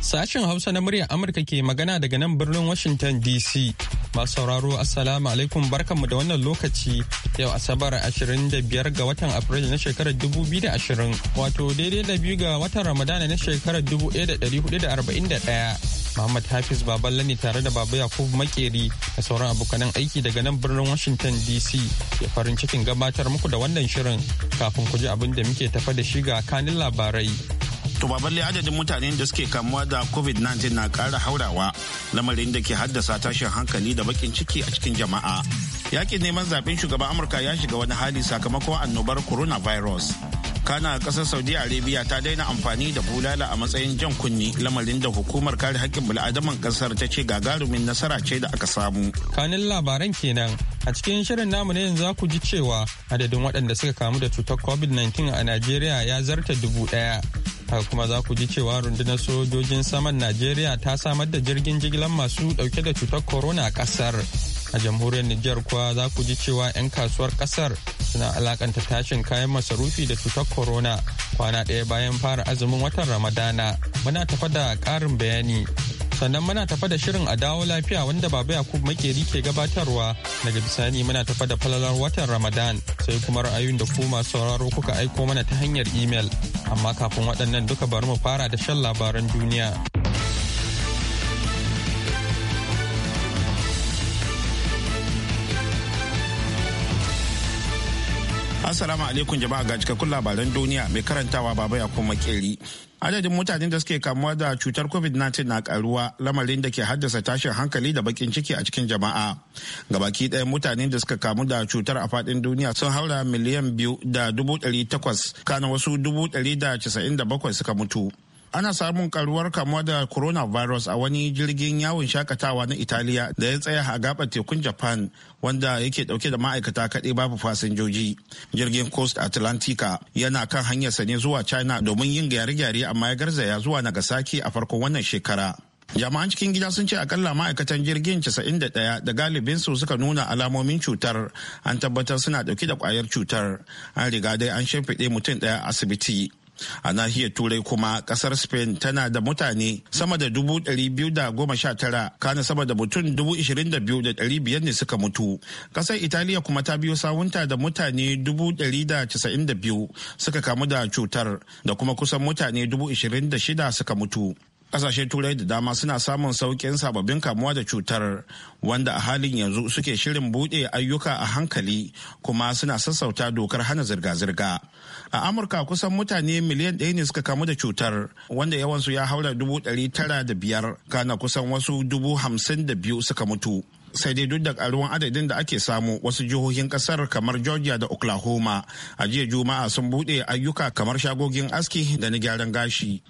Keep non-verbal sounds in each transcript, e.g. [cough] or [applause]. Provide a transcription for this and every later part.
Sashen Hausa na muryar Amurka ke magana daga nan birnin Washington DC. Masu sauraro Assalamu alaikum barkanmu da wannan lokaci yau Asabar 25 ga watan Afrilu na shekarar 2020 wato daidai da biyu ga watan Ramadana na shekarar 1441. Muhammad Hafiz Baballe ne tare da Baba Yakubu Makeri da sauran abokanan aiki daga nan birnin Washington DC ya farin cikin gabatar muku da wannan shirin kafin ku ji abin da muke tafa da shi ga kanin labarai. To ba balle adadin mutanen da suke kamuwa da COVID-19 na ƙara haurawa lamarin da ke haddasa tashin hankali da bakin ciki a cikin jama'a. Yakin neman zaben shugaban Amurka ya shiga wani hali sakamakon annobar coronavirus. kana ƙasar saudi arabia ta daina amfani da bulala a matsayin jan kunni lamarin da hukumar kare haƙƙin bil'adaman ƙasar ta ce gagarumin nasara ce da aka samu kanin labaran kenan a cikin shirin namu na yanzu ku ji cewa adadin waɗanda suka kamu da cutar covid-19 a najeriya ya zarta dubu ɗaya kuma za ku ji cewa rundunar sojojin saman najeriya ta samar da jirgin jigilar masu dauke da cutar corona a kasar a jamhuriyar nijar kuwa za ku ji cewa 'yan kasuwar kasar suna alakanta tashin kayan masarufi da cutar corona kwana ɗaya bayan fara azumin watan ramadana muna tafa da ƙarin bayani sannan muna tafa da shirin a dawo lafiya wanda baba yakub makeri ke gabatarwa daga bisani muna tafa da falalar watan ramadan sai kuma ra'ayoyin da ku masu sauraro kuka aiko mana ta hanyar imel amma kafin waɗannan duka bari mu fara da shan labaran duniya Assalamu alaikum jama'a ga cikakkun labaran duniya mai karantawa baba ya kuma keri. Adadin mutanen da suke kamuwa da cutar COVID-19 na karuwa lamarin da ke haddasa tashin hankali da bakin ciki a cikin jama'a. Gabaki ɗaya mutanen da suka kamu da cutar a faɗin duniya sun haura miliyan biyu da dubu ɗari takwas kana wasu dubu ɗari da casa'in da bakwai suka mutu. ana samun karuwar kamuwa da coronavirus a wani jirgin yawon shakatawa na italiya da ya tsaya a gaɓar tekun japan wanda yake ɗauke da ma'aikata kaɗai babu fasinjoji jirgin coast atlantica yana kan hanyarsa ne zuwa china domin yin gyare-gyare amma ya garzaya zuwa nagasaki a farkon wannan shekara jama'an cikin gida sun ce akalla ma'aikatan jirgin 91 da galibinsu suka nuna alamomin cutar an tabbatar suna ɗauke da kwayar cutar an riga dai an shimfiɗe mutum ɗaya asibiti a nahiyar turai kuma kasar spain tana da mutane sama da dubu biyu da goma sha tara kana sama da mutum dubu ishirin da biyu da biyar ne suka mutu kasar italiya kuma ta biyo sawunta da mutane dubu da casa'in da biyu suka kamu da cutar da kuma kusan mutane dubu ishirin da shida suka mutu kasashen turai da dama suna samun saukin sababbin kamuwa da cutar wanda a halin yanzu suke shirin buɗe ayyuka a hankali kuma suna sassauta dokar hana zirga-zirga a amurka kusan mutane miliyan ɗaya ne suka kamu da cutar wanda yawansu ya haura dubu ɗari tara da biyar kana kusan wasu dubu hamsin da biyu suka mutu sai dai duk da karuwan adadin da ake samu wasu jihohin kasar kamar georgia da oklahoma a jiya juma'a sun buɗe ayyuka kamar shagogin aski da na gyaran gashi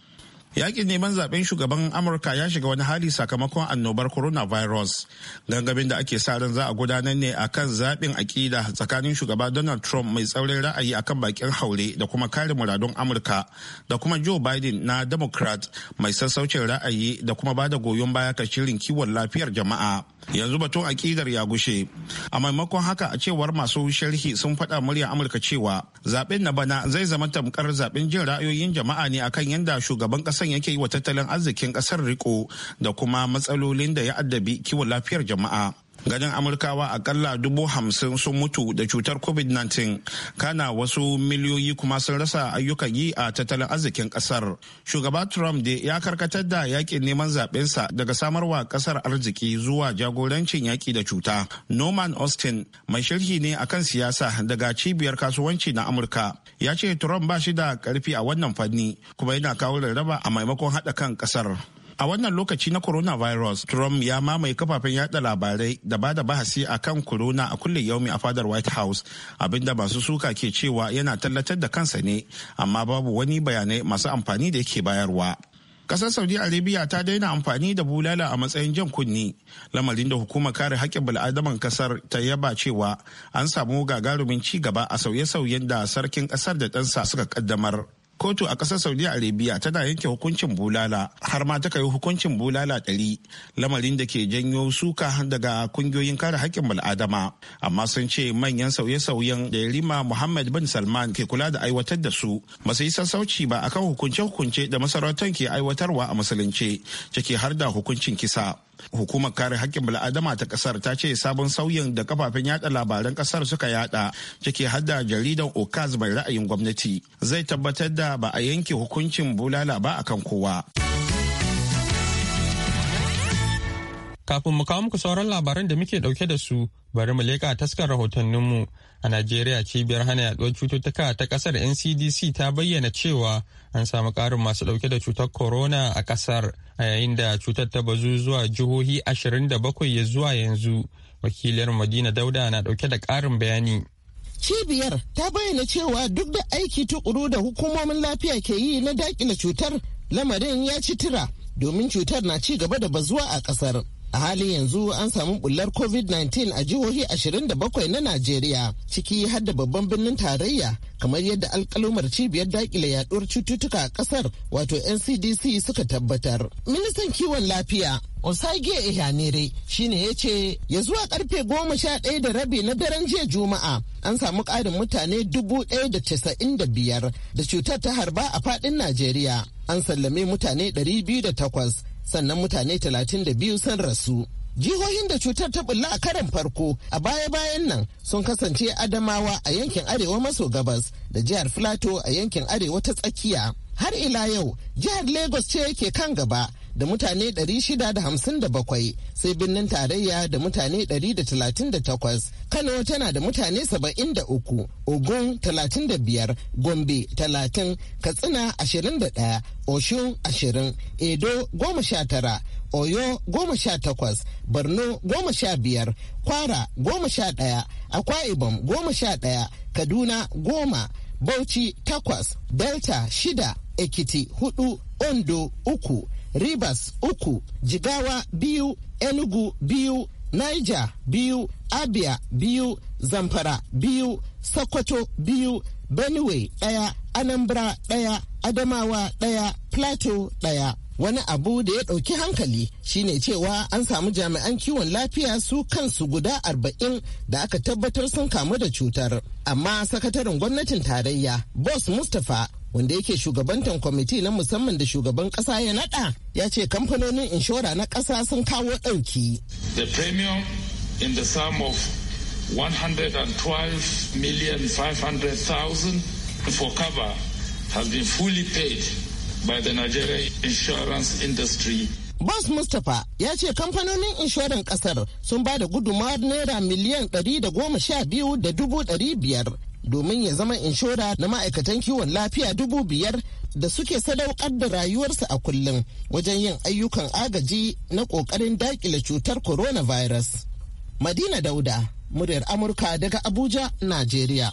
Yaƙin neman zaben shugaban Amurka ya shiga wani hali sakamakon annobar coronavirus. Gangamin da ake sa ran za a gudanar ne a kan zaɓin aƙida tsakanin shugaba Donald Trump mai tsaurin ra'ayi akan bakin haure da kuma kare muradun Amurka da kuma Joe Biden na Democrat mai sassaucin ra'ayi da kuma ba da goyon baya ka shirin kiwon lafiyar jama'a. yanzu batun akidar ya gushe a maimakon haka a cewar masu sharhi sun faɗa murya amurka cewa zaben na bana zai zama tamkar zaben jin ra'ayoyin jama'a ne akan yadda shugaban ƙasan yake yi wa tattalin arzikin ƙasar riko da kuma matsalolin da ya addabi kiwon lafiyar jama'a ganin amurkawa akalla dubu hamsin sun mutu da cutar covid-19 kana wasu miliyoyi kuma sun rasa ayyukan yi a tattalin arzikin kasar shugaba trump da ya karkatar da yakin neman zaɓensa daga samarwa kasar arziki zuwa jagorancin yaki da cuta norman austin mai sharhi ne a kan siyasa daga cibiyar kasuwanci na amurka ya ce trump ba shi da karfi a wannan fanni kuma yana kawo rarraba a maimakon haɗa kan kasar A wannan lokaci na coronavirus, Trump ya mamaye kafafen yada labarai da ba da bahasi a kan corona a kulle yaumi a fadar White House, abinda masu suka ke cewa yana tallatar da kansa ne, amma babu wani bayanai masu amfani da yake bayarwa. Kasar Saudi Arabia ta daina amfani da bulala a matsayin jan kunni, lamarin da hukumar kare haƙƙin bil'adaman kasar ta yaba cewa an samu gagarumin ci gaba a sauye-sauyen da sarkin kasar da ɗansa suka ƙaddamar. kotu a ƙasar saudi arabia tana yanke hukuncin bulala har ma ta yi hukuncin bulala ɗari lamarin da ke janyo suka daga kungiyoyin kare haƙƙin bal'adama amma sun ce manyan sauye-sauyen da yarima muhammad bin salman ke kula da aiwatar da su ba su yi sassauci ba akan hukunce-hukunce da masarautar ke aiwatarwa a musulunce ciki har da hukuncin kisa Hukumar kare hakkin bil'adama ta ƙasar ta ce sabon sauyin da kafafen yada labaran ƙasar suka yada cike hadda jaridan Okaz mai ra'ayin gwamnati zai tabbatar da ba a yanke hukuncin bulala ba akan kowa. Kafin mu kawo muku sauran labaran da muke dauke da su bari mu leƙa taskar rahotannin mu a Najeriya cibiyar hana yaduwar cututtuka ta ƙasar NCDC ta bayyana cewa an samu ƙarin masu dauke da cutar corona a ƙasar. a yayin da cutar ta bazu zuwa jihohi 27 ya zuwa yanzu wakilar madina dauda na dauke da karin bayani cibiyar ta bayyana cewa duk da aiki tukuru da hukumomin lafiya ke yi na dakile cutar lamarin ya ci tira domin cutar na ci gaba da bazuwa a ƙasar. a halin yanzu an samu bullar covid-19 a jihohi 27 na najeriya ciki har da babban birnin tarayya kamar yadda alkalumar cibiyar dakile yaduwar cututtuka a kasar wato ncdc suka tabbatar ministan kiwon lafiya osage ihanire shine ya ce ya zuwa karfe goma sha ɗaya da rabi na daren jiya juma'a an samu ƙarin mutane dubu ɗaya da casa'in da biyar da cutar ta harba a faɗin najeriya an sallame mutane ɗari biyu da takwas sannan mutane 32 sun rasu. Jihohin da cutar ta bulla a karin farko a baya-bayan nan sun kasance Adamawa a yankin Arewa maso gabas da jihar Filato a yankin Arewa ta tsakiya. Har ila yau, jihar Lagos ce yake kan gaba da mutane 657 sai birnin tarayya da mutane 138 kano tana da mutane 73 ogun 35 gombe 30 katsina 21 oshun 20 edo 19 oyo goma sha takwas borno goma sha biyar kwara goma sha ɗaya akwa ibom goma sha ɗaya kaduna goma bauchi takwas delta shida ekiti hudu ondo uku Rivers uku, Jigawa biyu, Enugu biyu, Niger biyu, Abia biyu, Zamfara biyu, Sokoto biyu, Benue ɗaya, Anambra ɗaya, Adamawa ɗaya, Plateau ɗaya. wani abu da ya ɗauki hankali shine cewa an samu jami'an kiwon lafiya su kansu guda arba'in da aka tabbatar sun kamu da cutar amma sakataren gwamnatin tarayya boss mustapha wanda yake shugabantan kwamiti na musamman da shugaban kasa ya nada ya ce kamfanonin inshora na kasa sun kawo ɗauki. The premium in the sum of 112,500,000 for cover has been fully paid by the Nigerian insurance industry Bas Mustapha ya ce kamfanonin inshoran kasar sun ba da gudunmawar naira miliyan 112 da dubu biyar domin ya zama inshora na ma'aikatan kiwon lafiya dubu biyar da suke sadaukar da rayuwarsu a kullum wajen yin ayyukan agaji na ƙoƙarin dakile cutar coronavirus. Madina Dauda, muryar Amurka daga Abuja, Najeriya.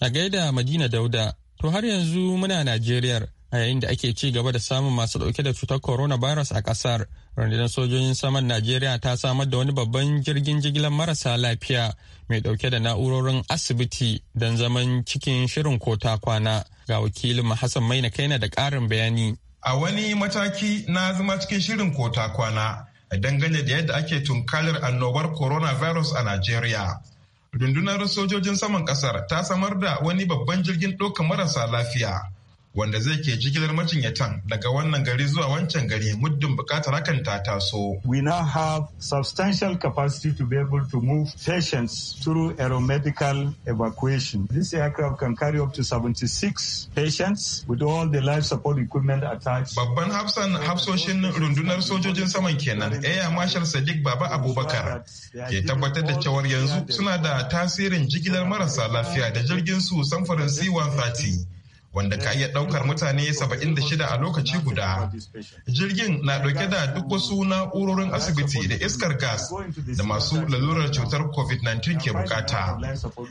A gaida Madina Dauda, to har yanzu muna Najeriyar a yayin da ake ci gaba da samun masu dauke da cutar coronavirus a ƙasar. Rundunar sojojin saman Najeriya ta samar da wani babban jirgin jigilar marasa lafiya mai dauke da na'urorin asibiti don zaman cikin shirin ko ta kwana ga wakilin Hassan kai Kaina da ƙarin bayani. A wani mataki na zama cikin shirin ko ta kwana dangane da yadda ake tunkarar annobar coronavirus a Najeriya. Rundunar sojojin saman ƙasar ta samar da wani babban jirgin ɗaukar marasa lafiya. wanda zai ke jigilar majinyatan daga wannan gari zuwa wancan gari muddin bukatar hakan ta taso. We now have substantial capacity to be able to move patients through aeromedical evacuation. This aircraft can carry up to 76 patients with all the life support equipment attached. Babban hafsan hafsoshin rundunar sojojin saman kenan Air Marshal Sadiq Baba Abubakar ke tabbatar da cewar yanzu suna da tasirin jigilar marasa lafiya da jirgin su samfurin C-130. wanda ka iya ɗaukar mutane 76 a lokaci guda. Jirgin na ɗauke da duk wasu na'urorin asibiti da iskar gas da masu lalurar cutar COVID-19 ke bukata.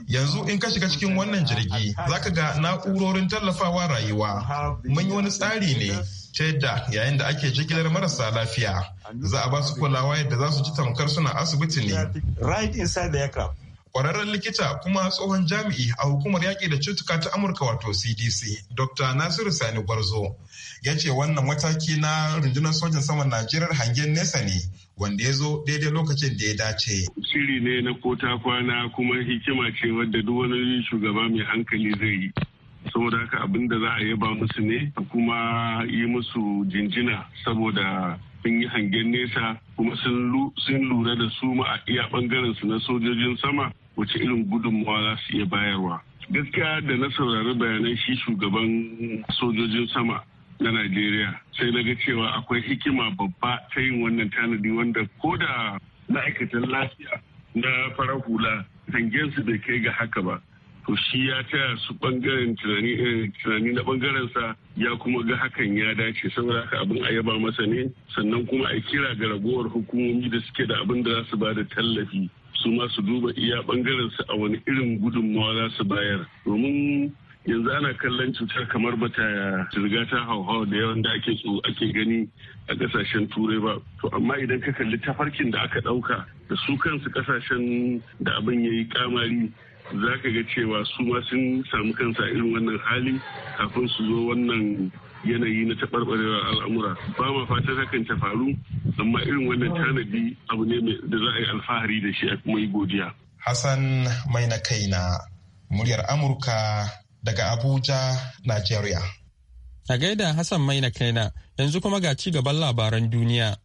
Yanzu in ka shiga cikin wannan jirgi, za ka ga na'urorin tallafawa rayuwa. Mun yi wani tsari ne ta yadda yayin da ake jigilar marasa lafiya za a ba su kulawa yadda za su ji tamkar suna asibiti ne. Kwararren likita kuma tsohon jami'i a hukumar yaƙi da cutuka ta Amurka wato CDC, Dr. Nasiru Sani Gwarzo, ya ce wannan mataki na rundunar sojan saman Najeriya hangen nesa ne wanda ya zo daidai lokacin da ya dace. Shiri ne na kota kwana kuma hikima ce wadda duk wani shugaba mai hankali zai yi. saboda haka abin da za a yaba musu ne kuma yi musu jinjina saboda sun yi hangen nesa kuma sun lura da su ma a iya bangaren su na sojojin sama wace irin gudunmawa za su iya bayarwa gaskiya da na saurari bayanan shi shugaban sojojin sama na najeriya sai na ga cewa akwai hikima babba ta yin wannan tanadi wanda ko da ma'aikatan lafiya na farar hula hangen su bai kai ga haka ba to shi ya taya su bangaren eh, tunani na bangaren sa ya kuma ga hakan ya dace saboda haka abin a yaba masa ne sannan kuma a kira ga ragowar hukumomi da suke da abin da za su ba da tallafi su ma su duba iya bangaren su a wani irin gudunmawa za su bayar domin yanzu ana kallon cutar kamar bata riga ta hauhau da yawan da ake so ake gani a kasashen turai ba to amma idan ka kalli tafarkin da aka dauka da su kansu kasashen da abin ya yi kamari za ka ga cewa su ma sun samu kansa irin wannan hali kafin su zo wannan yanayi na taɓarɓarewar al'amura ba ma fatan hakan ta faru amma irin wannan tanadi abu ne da za a yi alfahari da shi a kuma yi godiya. Hassan mai na kaina muryar Amurka daga Abuja, Najeriya. A gaida Hassan mai na kaina yanzu kuma ga ci gaban labaran duniya.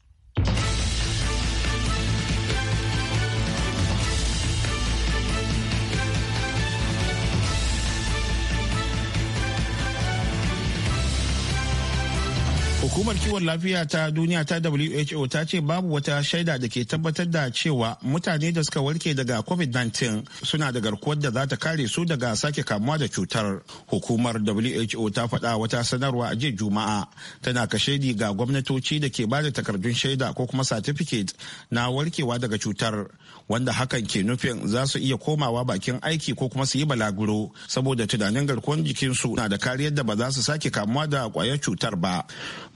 Hukumar kiwon lafiya ta duniya ta WHO ta ce babu wata shaida da ke tabbatar da cewa mutane da suka warke daga COVID-19 suna da garkuwar da za ta kare su daga sake kamuwa da cutar. Hukumar WHO ta faɗa wata sanarwa a jiya Juma'a tana kashedi ga gwamnatoci da ke ba da takardun shaida ko kuma certificate na warkewa daga cutar wanda hakan ke nufin za su iya komawa bakin aiki ko kuma su yi balaguro saboda tunanin garkuwar jikinsu na da kariyar da ba za su sake kamuwa da kwayar cutar ba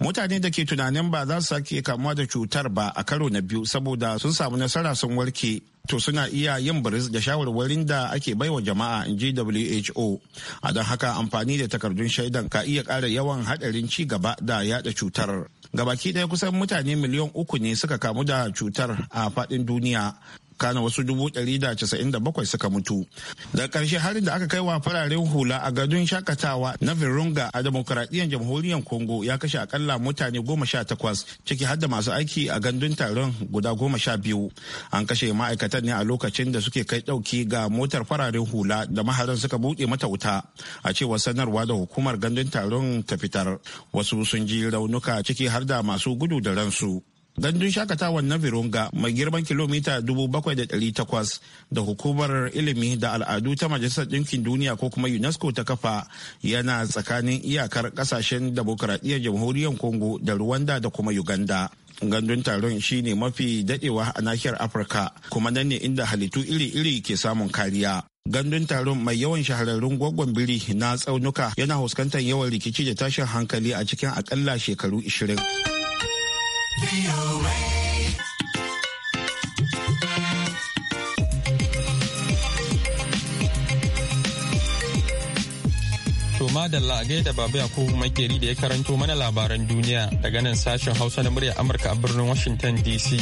mutane da ke tunanin ba za su sake kamuwa da cutar ba a karo na biyu saboda sun samu nasara sun warke to suna iya yin biris da shawarwarin da ake baiwa jama'a in ji who a don haka amfani da takardun shaidan ka iya kara yawan hadarin ci gaba da yada cutar gabaki ɗaya kusan mutane miliyan uku ne suka kamu da cutar a faɗin duniya kana wasu dubu da da casa'in ɗari bakwai suka mutu daga ƙarshe harin da aka kai wa fararen hula a gadon shakatawa na virunga a demokuraɗiyyar jamhuriyar congo ya kashe akalla mutane goma sha takwas ciki har da masu aiki a gandun taron guda goma sha biyu. an kashe ma'aikatan ne a lokacin da suke kai ɗauki ga motar fararen hula da maharan suka buɗe mata wuta a cewar sanarwa da hukumar gandun taron ta fitar wasu sun ji raunuka ciki har da masu gudu da ransu gandun shakatawan na virunga mai girman kilomita 7,800 da hukumar ilimi da al'adu ta majalisar ɗinkin duniya ko kuma unesco ta kafa yana tsakanin iyakar kasashen demokuraɗiyyar jamhuriyar congo da rwanda da kuma uganda gandun taron shine mafi dadewa a nahiyar afirka kuma nan ne inda halittu iri-iri ke samun kariya gandun taron mai yawan shahararrun gwaggon biri na tsaunuka yana fuskantar yawan rikici da tashin hankali a cikin akalla shekaru ishirin. Toma da Lagai da Baba Yakubu Makeri da ya karanto mana labaran duniya daga nan sashen Hausa na murya Amurka a birnin Washington DC.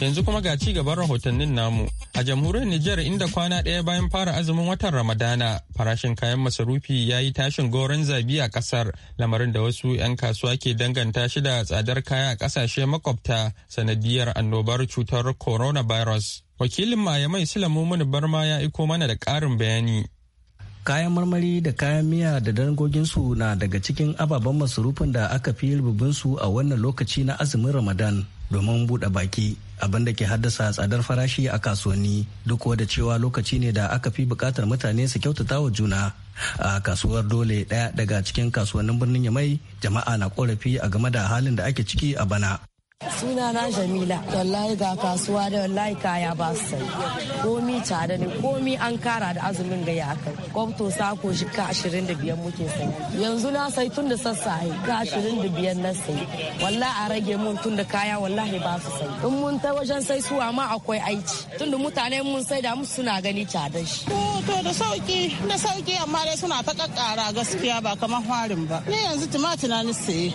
Yanzu kuma ga ci gaban rahotannin namu a jamhuriyar Nijar inda kwana ɗaya bayan fara azumin watan Ramadana farashin kayan masarufi ya yi tashin goron zabi a ƙasar lamarin da wasu 'yan kasuwa ke danganta shi da tsadar kaya a ƙasashe makwabta sanadiyar annobar cutar coronavirus. Wakilin Mai Sulamu Mumuni Barma ya iko mana da ƙarin bayani. kayan marmari da kayan miya da dangoginsu na daga cikin ababen masarufin da aka fi rububinsu a wannan lokaci na azumin ramadan domin buɗe baki abin da ke haddasa tsadar farashi a kasuwanni duk da cewa lokaci ne da aka fi buƙatar mutane su kyautata wa juna a kasuwar dole ɗaya daga cikin kasuwannin birnin yamai jama'a na korafi a game da halin da ake ciki a bana suna na jamila wallahi ga kasuwa da wallahi kaya ba su sai komi tare ne komi an kara da azumin ga ya kai kwamto sako ka ashirin da biyar muke sai yanzu na sai tun da sassaye ka ashirin da biyar na sai wallahi a rage mun tun da kaya wallahi ba su sai in mun ta wajen sai suwa ma akwai aiki tun da mutane mun sai da musu suna gani tare shi. to da sauki da sauki amma dai suna ta kakkara gaskiya ba kamar harin ba ne yanzu tumatir na ni saye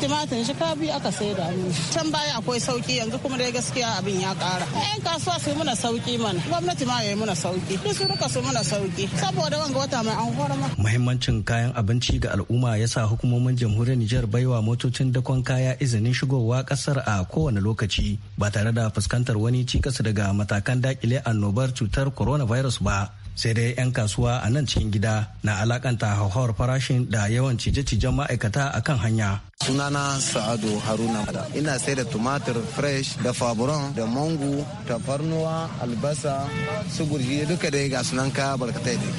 tumatir shi ka biyu aka sai da ni can baya akwai sauki yanzu kuma dai gaskiya abin ya kara yan kasuwa su muna sauki mana gwamnati ma yayi muna sauki duk su duka su muna sauki saboda wanga wata mai an horma muhimmancin kayan abinci ga al'umma yasa hukumomin jamhuriyar Nijar baiwa motocin dakon kaya izinin shigowa kasar a kowane lokaci ba tare da fuskantar wani cikas daga matakan dakile annobar cutar coronavirus ba sai dai 'yan kasuwa a nan cikin gida na alakanta hauhawar farashin da yawan cije-cijen ma'aikata a kan hanya sunana sa'adu haruna ina sai da tumatir fresh da faburon da mangu tafarnuwa albasa su gurji duka dai ga sunan kaya barkatai dai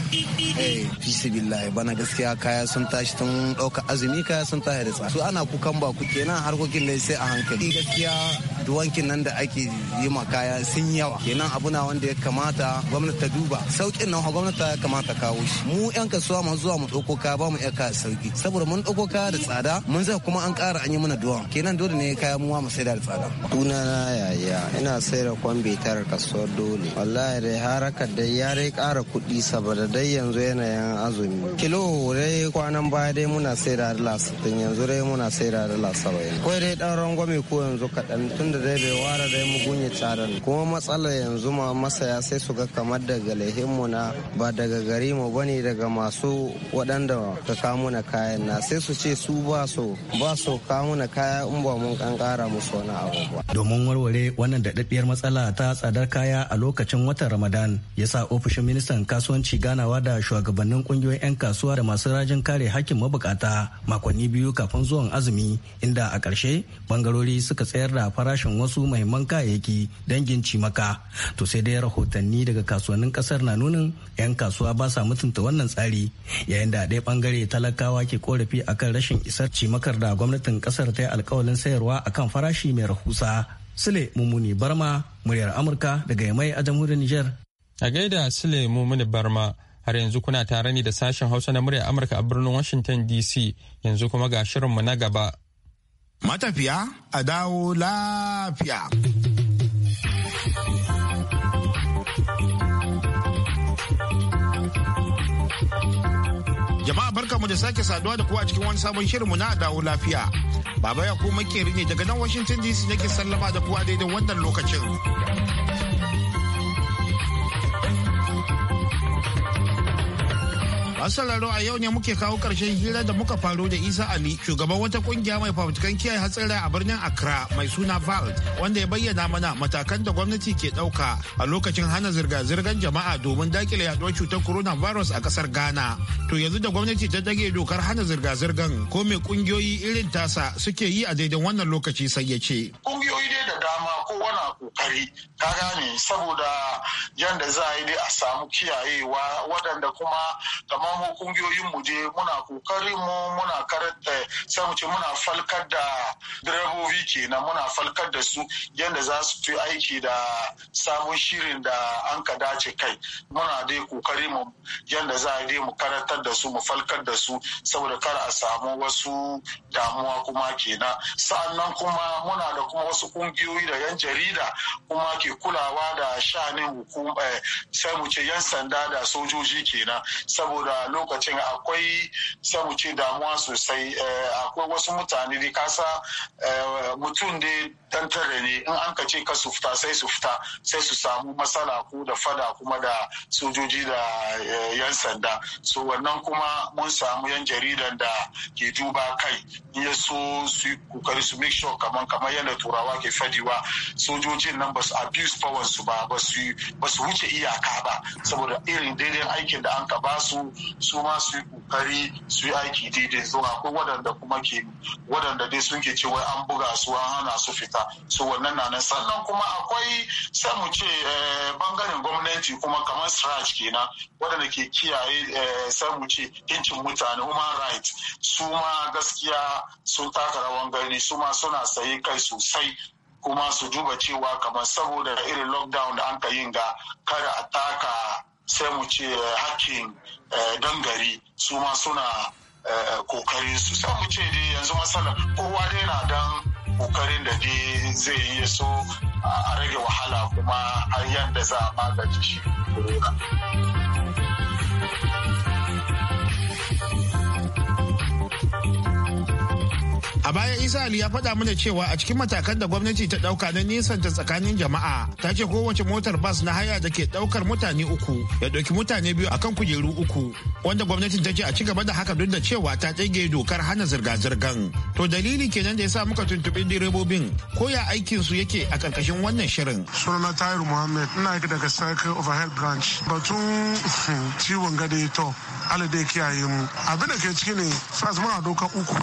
eh, fisi billahi bana gaskiya kaya sun tashi tun ɗauka azumi kaya sun tashi da tsa su ana kukan baku kenan harkokin ne sai a hankali gaskiya duwankin nan da ake yi ma kaya sun yawa kenan abu na wanda ya kamata gwamnati ta duba sauƙin nan gwamnati ta kamata kawo shi mu yan kasuwa mu zuwa mu ɗauko kaya ba mu iya kaya sauƙi saboda mun ɗauko kaya da tsada mun zai kuma an kara an yi mana duwan kenan dole ne kaya muwa mu saida da alfada tuna na yaya ina saida kwambe tara kasuwar dole wallahi dai harakar da ya dai ƙara kuɗi saboda dai yanzu yanayin azumi kilo dai kwanan baya dai muna saida dala sittin yanzu dai muna saida dala saba'in kawai dai ɗan mai ko yanzu kaɗan tunda dai bai wara dai mu gunye cadan kuma matsalar yanzu ma masaya sai su ga kamar daga lehinmu na ba daga gari mu bane daga masu waɗanda ka kamo na kayan na sai su ce su ba so ba su kawo mana kaya in ba mun kankara musu wani abubuwa. Domin warware wannan daɗaɗɗiyar matsala ta tsadar kaya a lokacin watan Ramadan ya sa ofishin ministan kasuwanci ganawa da shugabannin kungiyoyin 'yan kasuwa da masu rajin kare hakkin mabukata makonni biyu kafin zuwan azumi inda a ƙarshe bangarori suka tsayar da farashin wasu mahimman kayayyaki dangin cimaka. To sai dai rahotanni daga kasuwannin ƙasar na nunin 'yan kasuwa ba sa mutunta wannan tsari yayin da ɗaya bangare talakawa ke korafi akan rashin isar cimakar da gwamnatin kasar ta yi alkawalin sayarwa a kan farashi mai rahusa. Sule Mummuni Barma, muryar Amurka daga Yamai a jamhuriyar Nijar. A gaida Sule Mummuni Barma, har yanzu kuna tare ni da sashen Hausa na muryar Amurka a birnin Washington DC, yanzu kuma ga shirinmu na gaba. Matafiya a dawo lafiya. Jama'a barka mu da sake saduwa da ku a cikin wani sabon shirin shirinmu na dawo lafiya. Baba ya ku makeri ne daga nan Washington DC nake sallama da kuwa a daidai wannan lokacin. Asalaro a yau ne muke kawo karshen hira da muka faro da Isa Ali shugaban wata ƙungiya mai fafutukan kiyaye hatsari a birnin Accra mai suna VALT. wanda ya bayyana mana matakan da gwamnati ke ɗauka. a lokacin hana zirga-zirgar jama'a domin dakile yaduwar cutar corona virus a ƙasar Ghana. To yanzu da gwamnati ta dage dokar hana zirga-zirgar ko mai ƙungiyoyi irin tasa suke yi a daidan wannan lokaci sai ya ce. Kungiyoyi dai da dama ko ana kokari ka gane saboda yadda za a yi a samu kiyayewa waɗanda kuma kamar mu kungiyoyin mu je muna kokari mu muna karanta eh, sai mu ce muna falkar da direbobi kenan muna falkar da su yadda za su fi aiki da sabon shirin da an ka dace kai muna dai kokari mu yadda za a dai mu karantar da su mu falkar da su saboda kar a samu wasu damuwa kuma kenan sa'annan kuma muna da kuma wasu kungiyoyi da yan jarida jarida kuma ke kulawa da shanin hukumar eh, sai mu ce yan sanda da sojoji kenan saboda lokacin akwai sai mu ce damuwa sosai eh, akwai wasu mutane da kasa eh, mutum da. dan tare ne in an ka ce ka su fita sai su fita sai su samu matsala ko da fada kuma da sojoji da eh, yan sanda so wannan kuma mun samu yan jaridan da ke duba kai in ya so su kokari su make sure kamar kamar yadda turawa ke fadiwa sojojin nan ba su abuse power su ba ba su wuce iyaka ba saboda irin daidai aikin da an ka ba su su ma su yi kokari su yi aiki daidai zuwa akwai waɗanda kuma ke waɗanda dai sun ke cewa an buga su an hana su fita su wannan na nan sannan kuma akwai sai mu ce eh, bangaren gwamnati kuma kamar sraj kenan wadanda ke kiyaye eh, sai mu ce yancin mutane human rights su ma gaskiya sun taka rawan gani su ma suna sayi kai sosai kuma su duba cewa kamar saboda irin lockdown da an ka yin ga kada a taka sai mu ce eh, hakkin dangari su ma suna kokarin su sai mu ce dai yanzu matsala kowa dai na dan kokarin da ji zai yi so a rage wahala kuma har yadda za a magance shi baya Isa Ali ya faɗa mana cewa a cikin matakan da gwamnati ta ɗauka na nisan ta tsakanin jama'a ta ce kowace motar bas na haya da ke ɗaukar mutane uku ya ɗauki mutane biyu akan kujeru uku wanda gwamnatin ta ce a cigaba da haka duk da cewa ta ɗage dokar hana zirga-zirgan. To dalili kenan da ya sa muka tuntuɓi direbobin ko ya aikin su yake a ƙarƙashin wannan shirin. Sunana Tayiru muhammed ina daga Circle health Branch batun [laughs] ciwon gade to alade kiyaye mu abin da ke ciki ne sas muna doka uku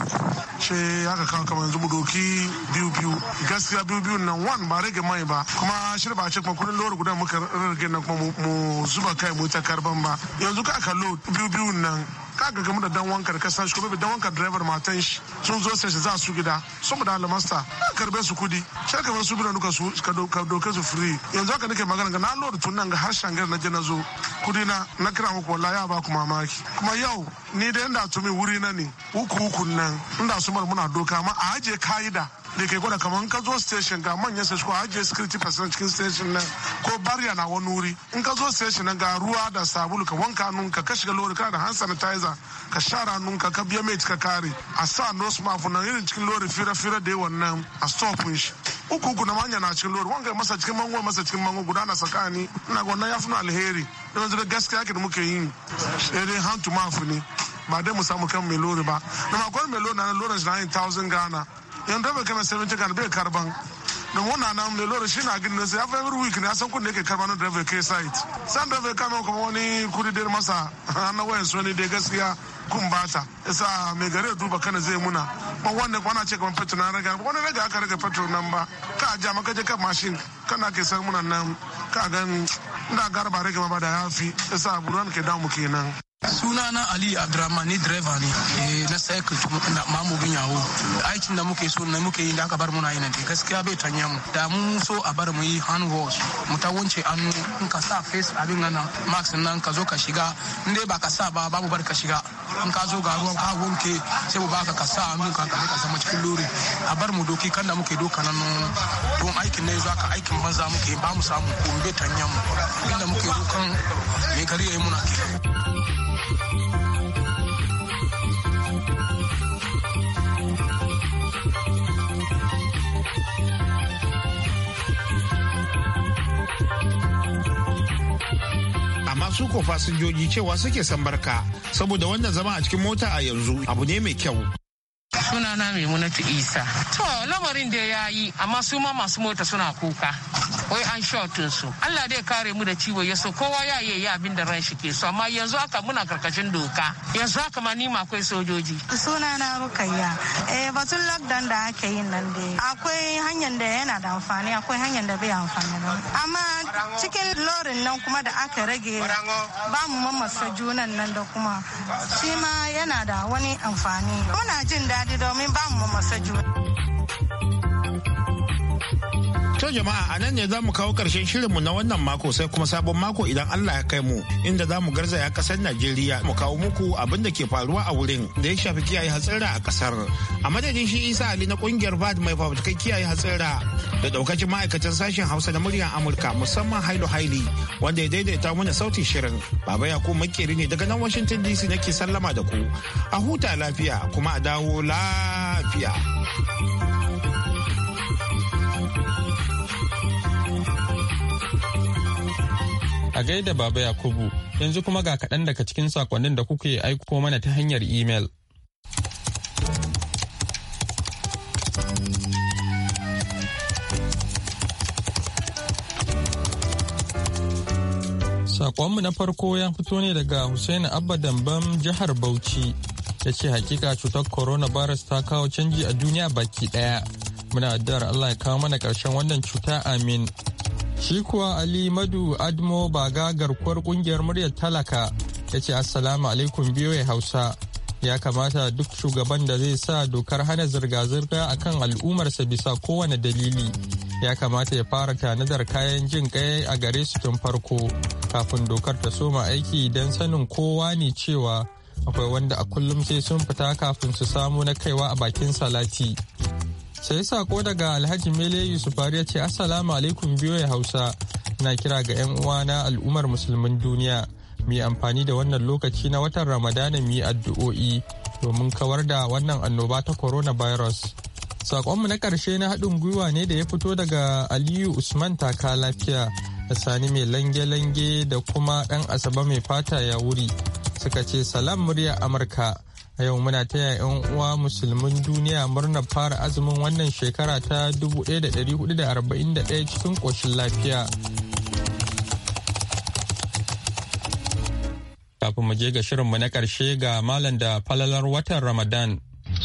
she ka kawo kamar yanzu mu doki biyu biyu gaskiya biyu biyu nan wan ba rage mai ba kuma shirya ba ce kuma kudin lori guda muka rage na kuma mu zuba kai mu ta karban ba yanzu ka ka load biyu biyu nan ka ga gamu da dan wankar ka san shi kuma dan wankar driver matan shi sun zo sai za su gida sun mu da almasta karbe su kudi sai ka su bidan duka su ka doke su free yanzu haka nake magana ga na lord tun nan ga har shangar na je na zo kudi na na kira muku wallahi ya ba ku mamaki kuma yau ni da inda tumi wuri na ne uku uku nan inda su muna doka ma a aje kaida da ke gwada kamar ka zo station ga manyan sai ko ajiye security person cikin station nan ko bariya na wani wuri in ka zo station nan ga ruwa da sabulu ka wanka nun ka shiga lori ka da hand sanitizer ka share nun ka biya mai ka kare a sa nose mask nan irin cikin lori fira-fira da wannan a stop shi uku uku na manya na cikin lori wanga masa cikin mango masa cikin mango guda na sakani ina ga wannan ya fi alheri don yanzu gaskiya gaskiya da muke yi irin hand to mouth ne ba dai mu samu kan mai lori ba na makon mai lori na lori na 9000 ghana yan da bai kana 70 kan bai karban don wannan na mai lori shi na gina sai ya fi every week ne san kudin da yake karban da bai kai site san da bai kama kuma wani kudi da masa na wayan su ne da gaskiya kun ta isa mai gare duba kana zai muna ban wanda kwana ce kamar petrol na raga wani raga aka raga petrol nan ba ka ja maka je ka mashin kana ke san muna nan ka gan da garba rage ma ba da yafi isa buruwan ke damu kenan sunana ali abdurrahmani driver ne eh, na cycle bin yawo aikin da muke so na muke yi da aka bar muna yi nan gaskiya bai tanya mu da mun so a bar mu yi hand wash mu ta wance hannu in ka sa face abin nan max nan ka zo ka shiga in dai ba ka sa ba babu bar ka shiga in ka zo ga ruwan ka wanke sai mu baka ka sa hannu ka ka zama cikin lori a bar mu doki kan da muke doka nan don aikin ne zaka aikin banza muke ba mu samu ko bai tanya mu inda muke dokan me gari yayi muna kenan su ko fasinjoji cewa suke san barka saboda wannan zama a cikin mota a yanzu abu ne mai kyau sunana maimunatu isa to lamarin da ya yi amma su ma masu mota suna kuka wai an shot su Allah dai kare mu da ciwo ya so kowa ya yi abin da ran shi ke so amma yanzu haka muna karkashin doka yanzu haka ma ni akwai sojoji suna na rukayya eh batun lockdown da ake yin nan dai akwai hanyar da yana da amfani akwai hanyar da bai amfani ba amma cikin lorin nan kuma da aka rage ba mu mamasa junan nan da kuma shi ma yana da wani amfani muna jin daɗi domin ba mu mamasa junan To jama'a a nan ne za mu kawo ƙarshen shirinmu na wannan mako sai kuma sabon mako idan Allah ya kai mu inda za mu garzaya ƙasar Najeriya mu kawo muku abin da ke faruwa a wurin da ya shafi kiyaye hatsira a kasar. A madadin shi Isa Ali na kungiyar VAD mai fafutukan kiyaye hatsira da ɗaukacin ma'aikatan sashen Hausa na muryar Amurka musamman Hailu Haili wanda ya daidaita mana sautin shirin. Baba kuma Makeri ne daga nan Washington DC nake sallama da ku. A huta lafiya kuma a dawo lafiya. a gaida baba Yakubu yanzu kuma ga kaɗan daga cikin sakonnin da kuke aiko mana ta hanyar imel. Sakonmu na farko ya fito ne daga Hussein Abba Dambam jihar Bauchi ya ce hakika cutar coronavirus ta kawo canji a duniya baki ɗaya Muna addu'ar Allah ya kawo mana ƙarshen wannan cuta amin. Shi kuwa Ali Madu Admo Baga garkuwar kungiyar muryar talaka ya ce Assalamu alaikum biyu biyoyi Hausa. Ya kamata duk shugaban da zai sa dokar hana zirga-zirga a kan al'ummarsa bisa kowane dalili. Ya kamata ya fara tanadar kayan jin kai a gare su tun farko kafin dokar ta soma aiki don sanin kowa ne cewa akwai wanda a kullum sai sun fita kafin su samu na kaiwa a bakin salati. sai sako daga alhaji mele yusufari ya ce assalamu alaikum biyoyi hausa na kira ga 'yan uwa na al'ummar musulmin duniya mu amfani da wannan lokaci na watan ramadana mu addu'o'i domin kawar da wannan annoba ta coronavirus sakonmu na ƙarshe na haɗin gwiwa ne da ya fito daga aliyu usman taka lafiya da sani mai lange-lange da kuma ɗan asaba mai fata ya wuri suka ce salam murya amurka a yau muna taya 'yan uwa musulmin duniya murnar fara azumin wannan shekara ta 1441 cikin ƙoshin lafiya kafin mu je ga mu na ƙarshe ga malam da falalar watan ramadan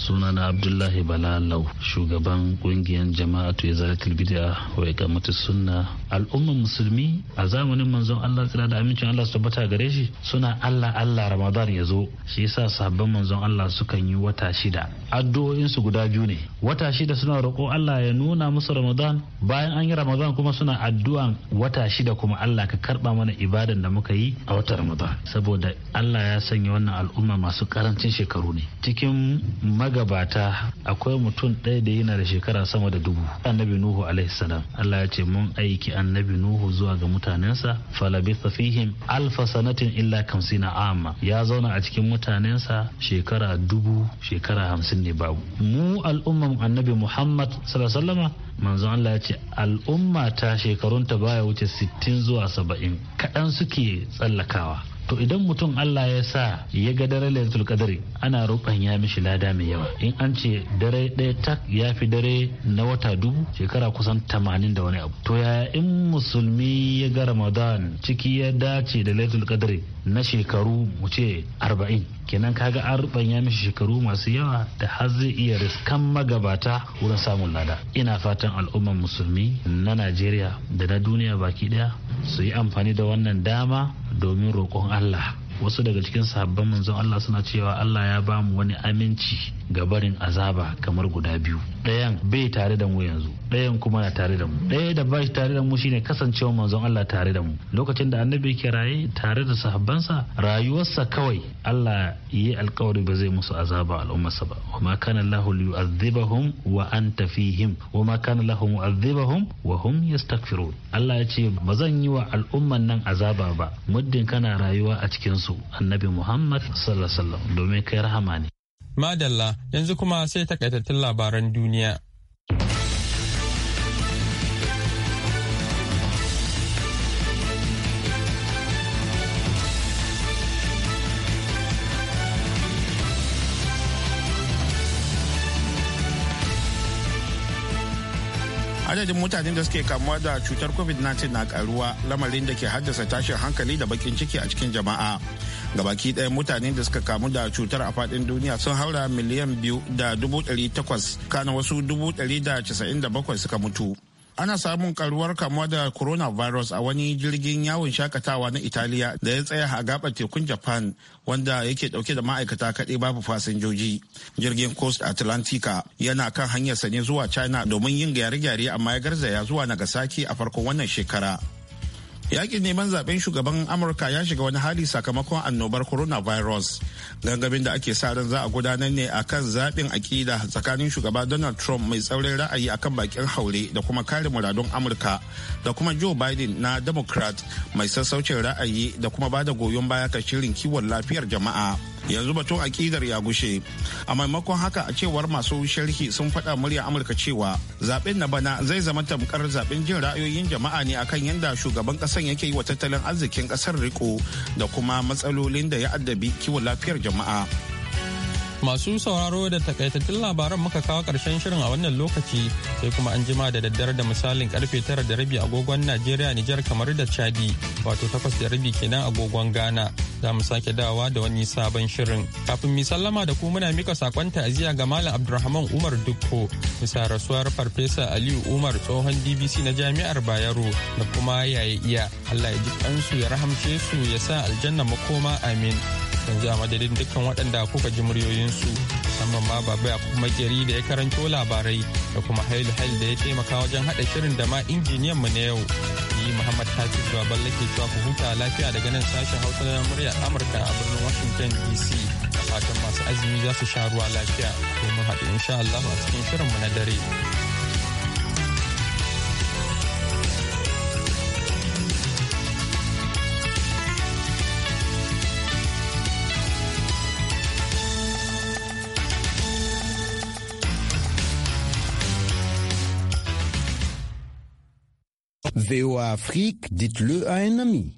sunana abdullahi balalau shugaban kungiyar jama'atu ya zara kilbida ga mutu sunna al'ummar musulmi a zamanin manzon Allah tsira da amincin Allah su tabbata gare shi suna Allah Allah Ramadan ya zo shi yasa sabbin manzon Allah sukan yi wata shida addu'o'in su guda biyu ne wata shida suna roƙo Allah ya nuna musu Ramadan bayan an yi Ramadan kuma suna addu'an wata shida kuma Allah ka karba mana ibadan da muka yi a wata Ramadan saboda Allah ya sanya wannan al'umma masu karancin shekaru ne cikin magabata akwai mutum ɗaya da yana da shekara sama da dubu annabi Nuhu alaihi salam Allah ya ce mun aiki annabi nuhu zuwa ga mutanensa falabitha fihim alfa sanatin illa kamsina amma ya zauna a cikin mutanensa shekara dubu shekara hamsin ne babu mu al'umman annabi muhammad sallallahu manzon Allah ya ce al'umma ta shekarunta baya wuce 60 zuwa 70 kaɗan suke tsallakawa to idan mutum Allah ya sa ya ga dare lailatul qadri ana ya mishi lada mai yawa in an ce dare ɗaya tak ya fi dare na wata dubu shekara kusan tamanin da wani abu to ya in musulmi ya ga ramadan ciki ya dace da lailatul qadri na shekaru mu ce arba'in kenan kaga an rubanya mishi shekaru masu yawa da har zai iya riskan magabata wurin samun lada ina fatan al'ummar musulmi na najeriya da na duniya baki daya su yi amfani da wannan dama domin roƙon allah wasu daga cikin sabbin manzon Allah suna cewa Allah ya ba mu wani aminci ga barin azaba kamar guda biyu ɗayan bai tare da mu yanzu ɗayan kuma na tare da mu ɗaya da ba shi tare da mu shine kasancewa manzon Allah tare da mu lokacin da annabi ke raye tare da sahabbansa rayuwarsa kawai Allah yi alkawari ba zai musu azaba al'ummarsa ba wa ma kana Allahu yu'adhibahum wa anta fihim wa ma kana Allahu mu'adhibahum wa hum yastaghfirun Allah ya ce ba zan yi wa al'umman nan azaba ba muddin kana rayuwa a cikin su manzansu annabi Muhammad sallallahu domin kai rahama ne. Madalla yanzu kuma sai takaitattun labaran duniya. adadin mutanen da suke kamuwa da cutar covid-19 na karuwa lamarin da ke haddasa tashin hankali da bakin ciki a cikin jama'a gabaki ɗaya mutanen da suka kamu da cutar a faɗin duniya sun haura miliyan biyu da dubu ɗari takwas kana wasu dubu ɗari da casa'in da bakwai suka mutu ana samun karuwar kamuwa da coronavirus a wani jirgin yawon shakatawa na italiya da ya tsaya a gaɓar tekun japan wanda yake ɗauke da ma'aikata kaɗai babu fasinjoji jirgin coast atlantica yana kan hanyarsa ne zuwa china domin yin gyare-gyare amma ya garzaya zuwa nagasaki a farkon wannan shekara Yakin neman zaben shugaban Amurka ya shiga wani hali sakamakon annobar coronavirus. Gangamin da ake sa ran za a gudanar ne a kan zaɓin aƙida tsakanin shugaba Donald Trump mai tsaurin ra'ayi akan bakin haure da kuma kare muradun Amurka da kuma Joe Biden na Democrat mai sassaucin ra'ayi da kuma bada goyon baya ka shirin kiwon lafiyar jama'a. yanzu batun akidar ya gushe a maimakon haka a cewar masu sharhi sun faɗa murya amurka cewa zaben na bana zai zama tamkar zaben jin ra'ayoyin jama'a ne akan yadda shugaban ƙasar yake yi wa tattalin arzikin ƙasar riko da kuma matsalolin da ya addabi kiwon lafiyar jama'a Masu sauraro da takaitattun labaran muka kawo ƙarshen shirin a wannan lokaci sai kuma an jima da daddare da misalin karfe tara da rabi agogon Najeriya Nijar kamar da Chadi wato takwas da rabi kenan agogon Ghana za mu sake dawa da wani sabon shirin. Kafin mi sallama da ku muna mika sakon ta'aziyya ga Malam Abdulrahman Umar Dukko bisa rasuwar Farfesa Aliyu Umar tsohon DBC na Jami'ar Bayero da kuma yaya iya Allah ya ji kansu ya rahamce su ya sa aljanna makoma amin. kan yanzu a madadin dukkan waɗanda kuka ji muryoyinsu musamman ma baba ya kuma gari da ya karanto labarai da kuma hailu hail da ya taimaka wajen haɗa shirin da ma injiniyan mu na yau ni muhammad zuwa baban ke zuwa ku huta lafiya daga nan sashen hausa na murya amurka a birnin washington dc fatan masu azumi za su sha ruwa lafiya domin haɗu insha allahu a cikin shirin mu na dare. VOA Afrique, dites-le à un ami.